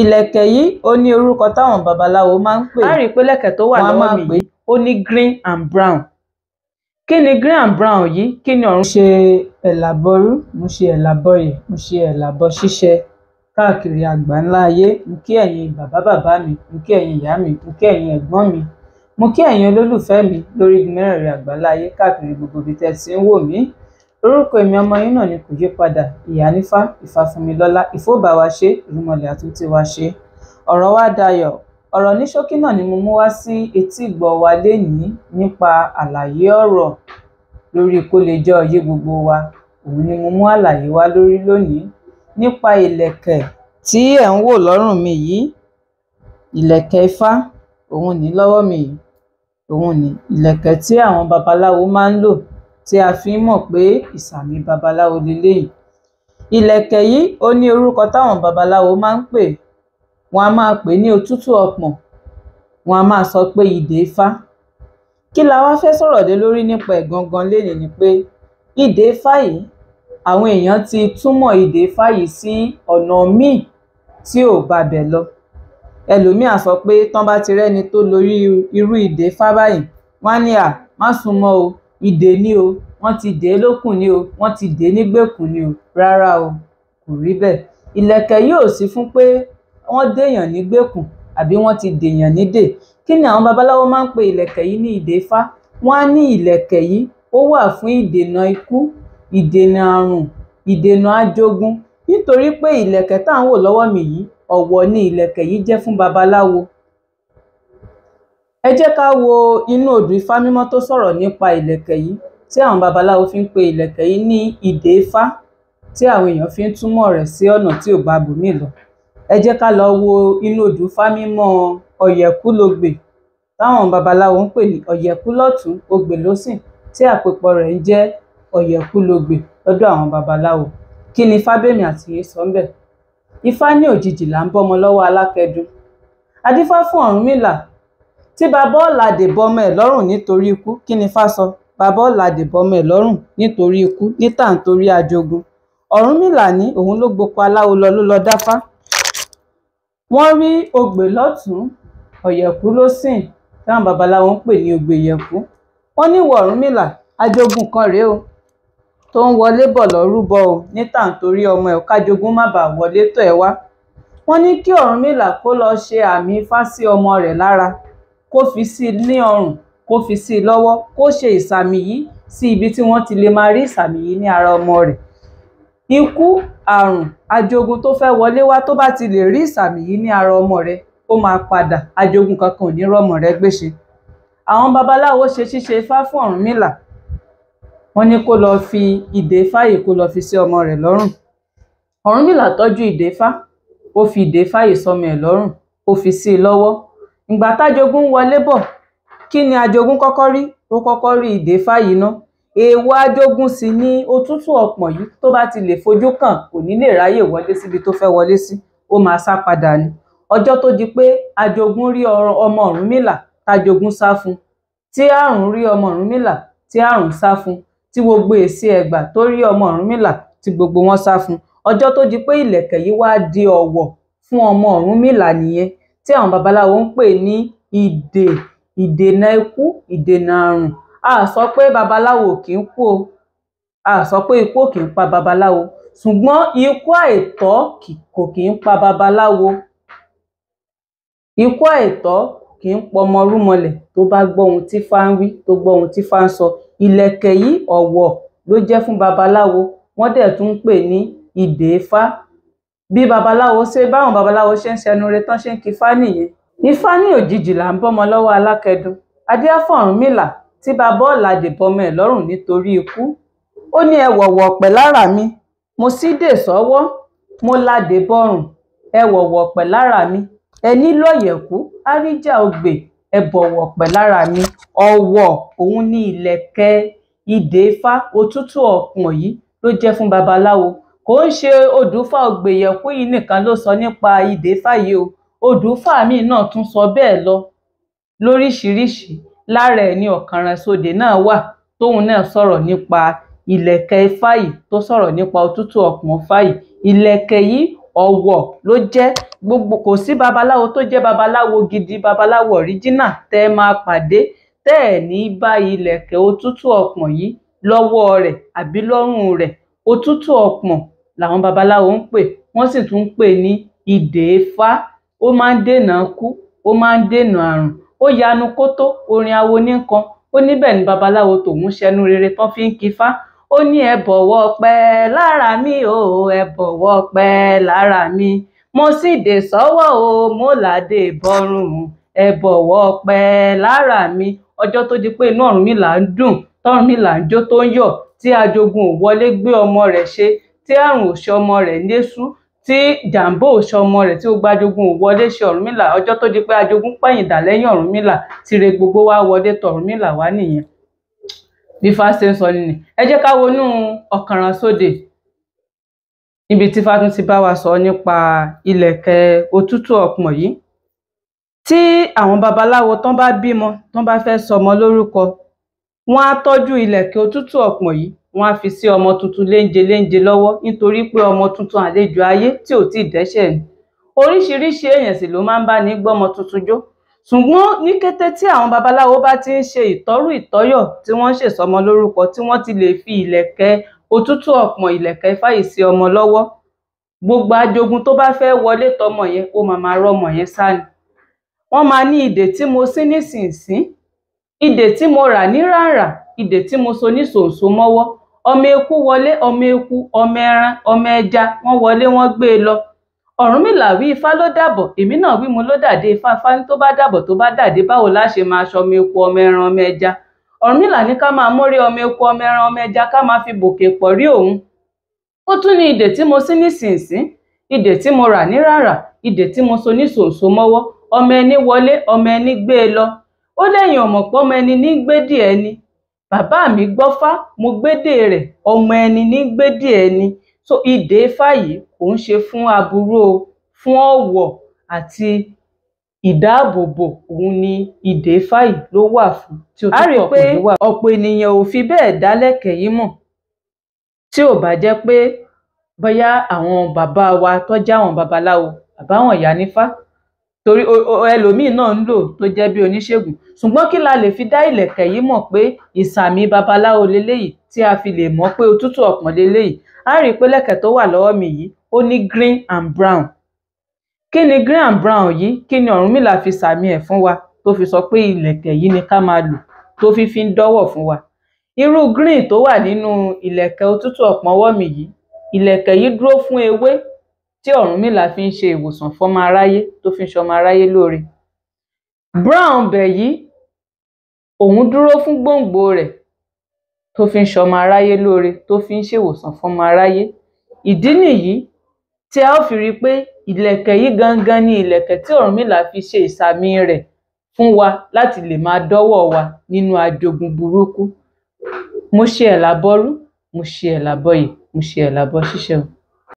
ìlẹ̀kẹ̀ yìí ó ní orúkọ táwọn babaláwo máa ń pè á rí i pé lẹ̀kẹ̀ tó wà lọ́wọ́ mi ó ní green and brown kí ni green and brown yìí kí ni ọ̀run. mo ṣe ẹ̀làbọ̀rú mo ṣe ẹ̀làbọ̀yẹ̀ mo ṣe ẹ̀làbọ̀ ṣíṣẹ káàkiri àgbà ńlá ayé mo kí ẹ̀yin bàbá bàbá mi mo kí ẹ̀yin ìyá mi mo kí ẹ̀yin ẹ̀gbọ́n mi mo kí ẹ̀yin olólùfẹ́ mi lórí mẹ́rẹ̀ẹ̀rin àgbà ńlá ayé káàkiri gbogbo ibi tẹ́ ti ń wò mí orúkọ èmi ọmọ yín náà ni kò yé padà ìyánífá ìfàfúnmilọ́lá ìfọ́bàwáṣe ìrúnmọlẹ̀ àtúntìwáṣe ọ̀rọ̀ wa dayọ̀ ọ̀rọ̀ ní ṣókí náà ni mo mú wá sí etí ìgbọ́ wa lénìí nípa àlàyé ọ̀rọ̀ lórí kó lè jẹ́ òye gbogbo wa òun ni mo mú àlàyé wá lórí lónìí nípa ìlẹ̀kẹ̀ tí ẹ̀ ń wò lọ́rùn mi yìí ìlẹ̀kẹ̀ ifá òun ní lọ́wọ́ mi yìí òun ní ìlẹ̀kẹ̀ tí àwọn babaláwo máa ń lò tí a fi ń mọ̀ pé ìsàmì babaláwo leléyìí ìlẹ̀kẹ̀ yìí ó ní orúkọ táwọn babaláwo máa ń pè wọn a máa pè ní òtútù ọpọ́n wọn a máa sọ pé ìdè ifá kí la wá fẹ́ sọ̀rọ̀ dé lórí nípa ẹ̀ gangan lénìí ni pé ìdè ifá yìí àwọn èèyàn ti túmọ̀ ìdè ifá yìí sí ọ̀nà míì tí ò babẹ̀ lọ ẹlòmíì á sọ pé tán bá ti rẹ́ni tó lórí irú ìdè ifá báyìí wọ́n á ní à má sún o ìdè ni o wọ́n ti dè é lókùn ni o wọ́n ti dè é nígbèkùn ni o rárá o kò rí bẹ́ẹ̀ ìlẹ̀kẹ̀ yóò sí fún pé wọ́n dèèyàn nígbèkùn àbí wọ́n ti dèèyàn nídè kí ni àwọn babaláwo máa ń pe ìlẹ̀kẹ̀ yìí ní ìdè ifá wọ́n á ní ìlẹ̀kẹ̀ yìí ó wà fún ìdènà ikú ìdènà àrùn ìdènà àjogún nítorí pé ìlẹ̀kẹ̀ tá à ń wò lọ́wọ́ mi yìí ọ̀wọ̀ ni ìlẹ̀kẹ̀ yìí jẹ́ fún babaláwo ẹ jẹ́ ká wo inú odù ifá mímọ́ tó sọ̀rọ̀ nípa ìlẹ̀kẹ̀ yìí tí àwọn babaláwo fi ń pe ìlẹ̀kẹ̀ yìí ní ìdè ifá tí àwọn èèyàn fi ń túmọ̀ rẹ̀ sí ọ̀nà tí ò bá bòmí lọ ẹ jẹ́ ká lọ wo inú odù ifá mímọ́ ọ̀yẹ̀kúlógbè táwọn babaláwo ń pè ní ọ̀yẹ̀kúlọ́tún ogbèlósìn tí àpèpọ̀ rẹ̀ ń jẹ́ ọ̀yẹ̀kúlógbè lọ́dọ̀ àwọn babaláwo kí ni fábẹ́mi àtìyé sọ ifá ní òjijì là ń bọ́mọ lọ́wọ́ alákẹ́dùn adífá fún ọ̀rúnmìlà tí bàbá ọ̀làdè bọmọ ẹ̀ lọ́rùn nítorí ikú kí ni fá sọ bàbá ọ̀làdè bọmọ ẹ̀ lọ́rùn nítorí ikú níta nítorí ajogun ọ̀rúnmìlà ní òun ló gboko aláwo lọ ló lọ dáfá wọ́n rí ogbè lọ́tún ọ̀yẹ̀kú ló sìn táwọn babaláwo ń pè ní ogbè yẹ̀kú wọ́n ní ìwọ ọ̀rúnmìlà ajogun kan rèé o tó ń wọlé bọ̀ lọ́rúbọ o níta nítorí ọmọ ẹ̀ kájogún má bàa wọlé tọ̀ ẹ́ wá wọ́n ní kí ọ̀rúnmìlà kó lọ ṣe àmì ifá rẹ̀ lára kó fi sí i ní ọrùn kó fi sí i lọ́wọ́ kó ṣe ìsàmì yìí sí ibi tí wọ́n ti lè máa rí ìsàmì yìí ní ara ọmọ rẹ̀ ikú àrùn ajogun tó fẹ́ wọlé wá tó bá ti lè rí ìsàmì yìí ní ara ọmọ rẹ̀ ó máa padà ajogun kankan ò ní rọ́mọ rẹ̀ gbéṣe àwọn babaláwo ṣe ṣíṣe ifá fún Ọ̀rúnmìlà wọ́n ní kó lọ fi ìdè ifá kó lọ fi sí ọmọ rẹ̀ lọ́rùn Ọ̀rúnmìlà tọ́jú ìdè ifá ó fi ìdè ifá sọmọ ẹ̀ lọ́rùn ó fi sí i lọ́wọ́ ìgbà tájogún ń wọlé bọ̀ kí ni ajogún kọ́kọ́ rí ó kọ́kọ́ rí ìdè fáyìí ná èèwọ̀ ajogún sì ni òtútù ọ̀pọ̀n yìí tó bá ti lè fojú kàn kò ní lè ráyè wọlé síbi tó fẹ́ wọlé sí ó máa sá padà ni ọjọ́ tó di pé ajogún rí ọmọ Ọ̀rúnmìlà tajogún sá fún tí àrùn rí ọmọ Ọ̀rúnmìlà tí àrùn sá fún tí gbogbo èsì ẹ̀gbà tó rí ọmọ Ọ̀rúnmìlà tí gbogbo wọn sá fún ọjọ́ tó di pé ìlẹ̀kẹ̀ yìí wá di ọ̀wọ̀ fún ọmọ Ọ̀rúnmìlà nìyẹn tí àwọn babaláwo ń pè ní ìdè ìdènà ikú ìdènà àrùn a sọ pé babaláwo kì í kú o a sọ pé ikú kì í pa babaláwo ṣùgbọ́n ikú àìtọ́ kò kì í pa babaláwo ikú àìtọ́ kì í pọmọ rúmọlẹ̀ tó bá gbọ́ ohun tí fá ń wí tó gbọ́ ohun tí fá ń sọ ìlẹ̀kẹ̀ yìí ọ̀wọ̀ ló jẹ́ fún babaláwo wọ́n dẹ̀ tún ń pè ní ìdèéfá bí babaláwo ṣe báwọn babaláwo ṣe ń ṣẹnu re tán ṣe ń kífá nìyẹn ifá ní òjijì là ń bọ́mọ lọ́wọ́ alákẹ́dùn adéáfọ̀rúnmìlà tí bàbá ọ̀làdè bọmọ ẹ̀ lọ́rùn nítorí ikú ó ní ẹ wọ̀wọ̀ ọ̀pẹ lára mi mo sì dè sọ́wọ́ mo ládè bọ́rùn ẹ wọ̀wọ̀ ọ̀pẹ lára mi ẹ nílò ọ̀yẹ̀kú áríjà ogbè ẹ bọ̀wọ̀ ọ̀pẹ lára mi ọ̀wọ̀ òun ní ilẹ̀kẹ̀ ìdè ifá òtútù ọ̀pọ̀n yìí ló jẹ́ fún babaláwo kò ń ṣe òdùfà ògbèyẹ̀kú yìí nìkan ló sọ nípa ìdèfà yìí o òdùfà míì náà tún sọ bẹ́ẹ̀ lọ lóríṣìíríṣìí lára ẹ̀ ní ọ̀kànrànsódé náà wà tóun náà sọ̀rọ̀ nípa ìlẹ̀kẹ̀ ifá yìí tó sọ̀rọ̀ nípa òtútù ọ̀pọ̀n ifá yìí ìlẹ̀kẹ̀ yìí ọ̀wọ̀ ló jẹ́ gbogbo kò sí babaláwo tó jẹ́ babaláwo gidi babaláwo original tẹ́ ẹ máa pàdé tẹ́ ẹ̀ ní bá ìlẹ̀kẹ̀ òtútù ọ̀pọ̀n yìí lọ́wọ́ rẹ̀ àbí lọ́rùn rẹ̀ òtútù ọ̀pọ̀n làwọn babaláwo ń pè wọ́n sì tún ń pè ní ìdè Ifá ó máa ń dènà kú ó máa ń dènà àrùn ó yanu kótó orin awo nìkan ó níbẹ̀ ni babaláwo tòun ṣẹnu rere tán fi ń kifá ó ní ẹ bọ̀wọ̀ pẹ́ lára mi o ẹ bọ̀wọ̀ pẹ́ lára mi mo sì dè sọ́wọ́ o mo làdè bọ́rùn ẹ bọ̀wọ̀ pẹ́ lára mi ọjọ́ tó di pé inú Ọ̀rúnmìlà ń dùn tọ́rùnmìlà ń jó tó ń yọ̀ tí ajogun ò wọlé gbé ọmọ rẹ̀ ṣe tí àrùn òṣè ọmọ rẹ̀ léṣú tí jàǹbó òṣè ọmọ rẹ̀ tí ó gbájogún ò wọlé ṣe ọ̀rúnmìlà ọjọ́ tó di pé ajogún pẹ̀yìndà lẹ́yìn ọ̀rúnmìlà tire gbogbo wá wọlé tọ̀rúnmìlà wá nìyẹn bí fásitì ń sọ nìyẹn ẹ jẹ́ ká wọnú ọ̀kànràn sóde níbi tí fátún ti bá wa sọ nípa ìlẹ̀kẹ̀ òtútù ọpọ́n yìí tí àwọn babaláwo tán bá bímọ tán bá fẹ́ sọmọ lórúkọ wọn á tọ́jú ìlẹ̀kẹ̀ òtútù ọpọ́n yìí wọ́n á fi sí ọmọ tuntun léńje léńje lọ́wọ́ nítorí pé ọmọ tuntun àlejò ayé tí ò tí ì ni oríṣiríṣi èèyàn sì ló máa ń bá ní gbọ́mọ tuntun jó ṣùgbọ́n ní kété tí àwọn babaláwo bá ti ń ṣe ìtọ́rù ìtọ́yọ̀ tí wọ́n ń ṣèsọmọ lórúkọ tí wọ́n ti lè fi ìlẹ̀kẹ̀ òtútù ọ̀pọ̀n ìlẹ̀kẹ̀ fàyè sí ọmọ lọ́wọ́ gbogbo ajogun tó bá fẹ́ wọlé tọmọ yẹn ó máa máa rọmọ yẹn sá ni wọ́n máa ní ìdè tí mo sí nísinsìn ìdè tí mo rà ní ràrà ìdè tí mo so ní ṣòǹṣò mọ́wọ́ ọmọ eku wọlé ọmọ eku ọmọ ẹran ọmọ ẹja wọn wọlé wọn gbé e lọ ọ̀rúnmìlà wí ifá ló dàbọ̀ èmi náà wí mo ló dàdé ifá ifá tó bá dàbọ̀ tó bá dàdé báwo la ṣe máa ṣọmọ eku ọmọ ẹran ọmọ ẹja ọ̀rúnmìlà ní ká máa mórí ọmọ eku ọmọ ẹran ọmọ ẹja ká máa fi bòkè pọ̀ rí òun ó tún ní ìdè tí mo sí nísinsìn ìdè tí mo rà ní ràrà ìdè tí mo so ní sòǹso mọ́wọ́ ọmọ ẹni wọlé ọmọ ẹni gbé e lọ ó lẹ́yìn ọ̀mọ̀pọ̀ ọmọ ẹni ní gbédìí ẹni bàbá mi gbọ́fá mo gbédè rẹ̀ ọmọ ẹni ní gbédè ẹni so ìdè ifá yìí kò ń ṣe fún aburú o fún ọ̀wọ̀ àti ìdáàbòbò òun ni ìdè ifá yìí ló wà fún tí ó tó pọ̀ pé ọ̀pọ̀ ènìyàn ò fi bẹ́ẹ̀ dálẹ́kẹ̀ẹ́ yìí mọ̀ tí ò bá jẹ́ pé bóyá àwọn bàbá wa tó àwọn babaláwo àbáwọn ìyá nífá torí ẹlòmíín náà ń lò tó jẹ́ bí oníṣègùn ṣùgbọ́n kí la lè fi dá ìlẹ̀kẹ̀ yìí mọ̀ pé ìsàmì babaláwo leléyìí tí a fi lè mọ̀ pé òtútù ọ̀pọ̀n leléyìí a rí i pé lẹ̀kẹ̀ tó wà lọ́wọ́ mi yìí ó ní green and brown kí ni green and brown yìí kí ni Ọ̀rúnmìlà fi sàmì ẹ̀ fún wa tó fi sọ pé ìlẹ̀kẹ̀ yìí ni ká máa lò tó fi fi ń dọ́wọ̀ fún wa irú green tó wà nínú ìlẹ̀kẹ̀ òtútù ọ̀pọ̀n ọwọ́ mi yìí ìlẹ̀kẹ̀ yìí dúró fún ewé tí Ọ̀rúnmìlà fi ń ṣe ìwòsàn fọmọ aráyé tó fi ń ṣọmọ aráyé lóore Brown bẹ̀yí òun dúró fún gbòǹgbò rẹ̀ tó fi ń ṣọmọ aráyé lóore tó fi ń ṣèwòsàn fọmọ aráyé ìdí nìyí tí a ó fi rí i pé ìlẹ̀kẹ̀ yìí gangan ni ìlẹ̀kẹ̀ tí Ọ̀rúnmìlà fi ṣe ìsàmì rẹ̀ fún wa láti lè máa dọ́wọ́ wa nínú ajogun burúkú mo ṣe ẹ̀ lábọ́rú mo ṣe ẹ̀ lábọ́yè mo ṣe ẹ̀ lábọ́ ṣíṣẹ́ o.